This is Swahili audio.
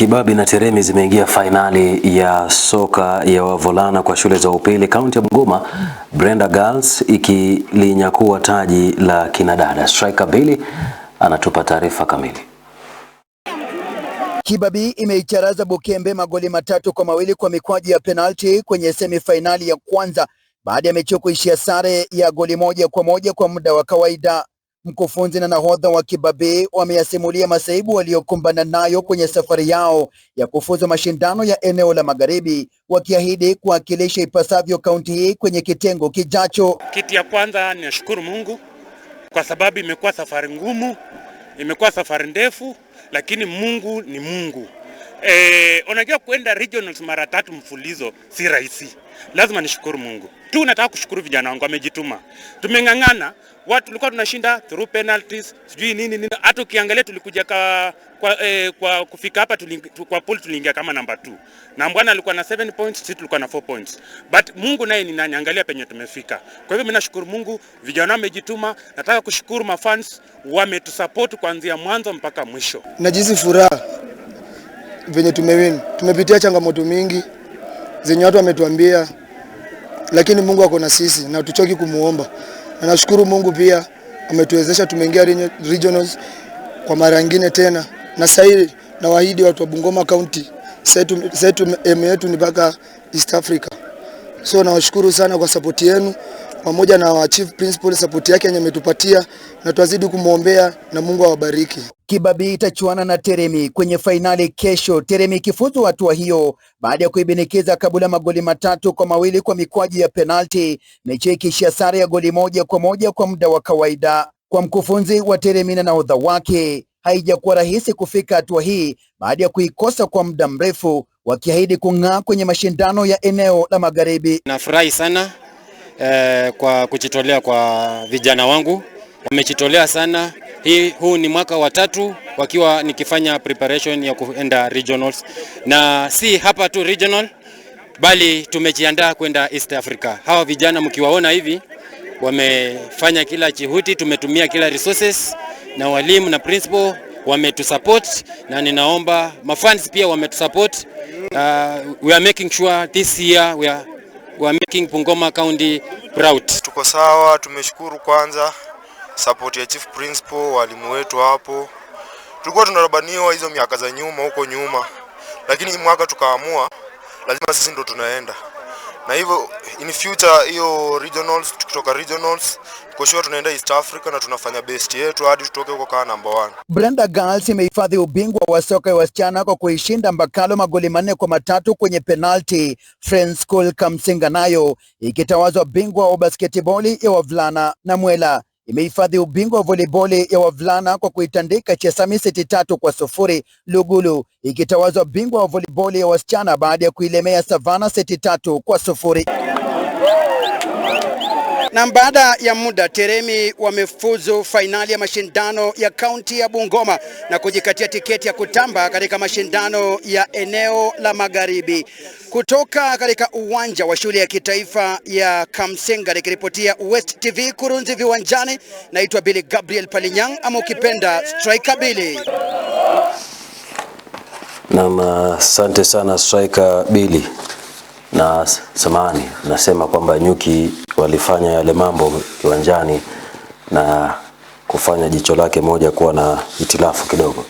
Kibabi na Teremi zimeingia fainali ya soka ya wavulana kwa shule za upili kaunti ya Bungoma, Brenda Girls ikilinyakua taji la kinadada. Striker Billy anatupa taarifa kamili. Kibabi imeicharaza Bukembe magoli matatu kwa mawili kwa mikwaji ya penalti kwenye fainali ya kwanza baada ya mechi kuishia sare ya goli moja kwa moja kwa muda wa kawaida. Mkufunzi na nahodha wa kibabe wameyasimulia masaibu waliokumbana nayo kwenye safari yao ya kufuzu mashindano ya eneo la Magharibi, wakiahidi kuwakilisha ipasavyo kaunti hii kwenye kitengo kijacho. Kiti ya kwanza, ninashukuru Mungu kwa sababu imekuwa safari ngumu, imekuwa safari ndefu, lakini Mungu ni Mungu. Eh, unajua kuenda regionals mara tatu mfulizo si rahisi. Lazima nishukuru Mungu tu, nataka kushukuru vijana wangu, wamejituma, tumeng'ang'ana. Watu tulikuwa tunashinda through penalties, sijui nini nini. Hata ukiangalia tulikuja ka, kwa, eh, kwa kufika hapa tuli, kwa pool tuliingia kama namba 2 na mbwana alikuwa na 7 points, sisi tulikuwa na 4 points, but Mungu naye ni nani, angalia penye tumefika. Kwa hivyo mimi nashukuru Mungu, vijana wamejituma. Nataka kushukuru mafans, wametusupport kuanzia mwanzo mpaka mwisho. Najisi furaha venye tumewin, tumepitia changamoto mingi zenye watu wametuambia, lakini Mungu ako na sisi na tuchoki kumuomba, na nashukuru Mungu pia ametuwezesha tumeingia regionals kwa mara nyingine tena, na sasa hivi na wahidi watu wa Bungoma County, sasa yetu mpaka East Africa. So nawashukuru sana kwa support yenu pamoja na chief principal support yake yenye ametupatia na tuazidi kumwombea na Mungu awabariki. kibabi itachuana na Teremi kwenye fainali kesho, Teremi ikifuzu hatua hiyo baada ya kuibinikiza Kabula magoli matatu kwa mawili kwa mikwaji ya penalti, mechi ikiishia sare ya goli moja kwa moja kwa muda wa kawaida. Kwa mkufunzi wa Teremi na nahodha wake, haijakuwa rahisi kufika hatua hii baada ya kuikosa kwa muda mrefu, wakiahidi kung'aa kwenye mashindano ya eneo la Magharibi. Nafurahi sana eh, kwa kujitolea kwa vijana wangu, wamejitolea sana. Hii, huu ni mwaka wa tatu wakiwa nikifanya preparation ya kuenda regionals, na si hapa tu regional, bali tumejiandaa kwenda East Africa. Hawa vijana mkiwaona hivi wamefanya kila juhudi, tumetumia kila resources na walimu na principal wametusupport na ninaomba mafans pia wametusupport. Uh, we are making sure this year we are we making Bungoma County proud. Tuko sawa, tumeshukuru kwanza support ya Chief Principal, walimu wetu hapo. Tulikuwa tunarabaniwa hizo miaka za nyuma huko nyuma, lakini mwaka tukaamua lazima sisi ndo tunaenda na hivyo in future hiyo regionals, kutoka regionals kwa sure tunaenda East Africa na tunafanya best yetu hadi tutoke huko kama number one. Brenda Girls imehifadhi ubingwa wa soka ya wasichana kwa kuishinda Mbakalo magoli manne kwa matatu kwenye penalti, Friends School Kamsinga nayo ikitawazwa bingwa wa basketiboli ya wavulana na Mwela imehifadhi ubingwa wa voleboli ya wavulana kwa kuitandika chesami seti tatu kwa sufuri Lugulu ikitawazwa bingwa wa voleboli ya wasichana baada ya kuilemea Savana seti tatu kwa sufuri. Na baada ya muda Teremi wamefuzu fainali ya mashindano ya kaunti ya Bungoma na kujikatia tiketi ya kutamba katika mashindano ya eneo la magharibi. Kutoka katika uwanja wa shule ya kitaifa ya Kamsenga nikiripotia West TV Kurunzi viwanjani, naitwa Billy Gabriel Palinyang, ama ukipenda Striker Billy. Naam, asante sana Striker Billy, na samani nasema kwamba nyuki walifanya yale mambo kiwanjani na kufanya jicho lake moja kuwa na hitilafu kidogo.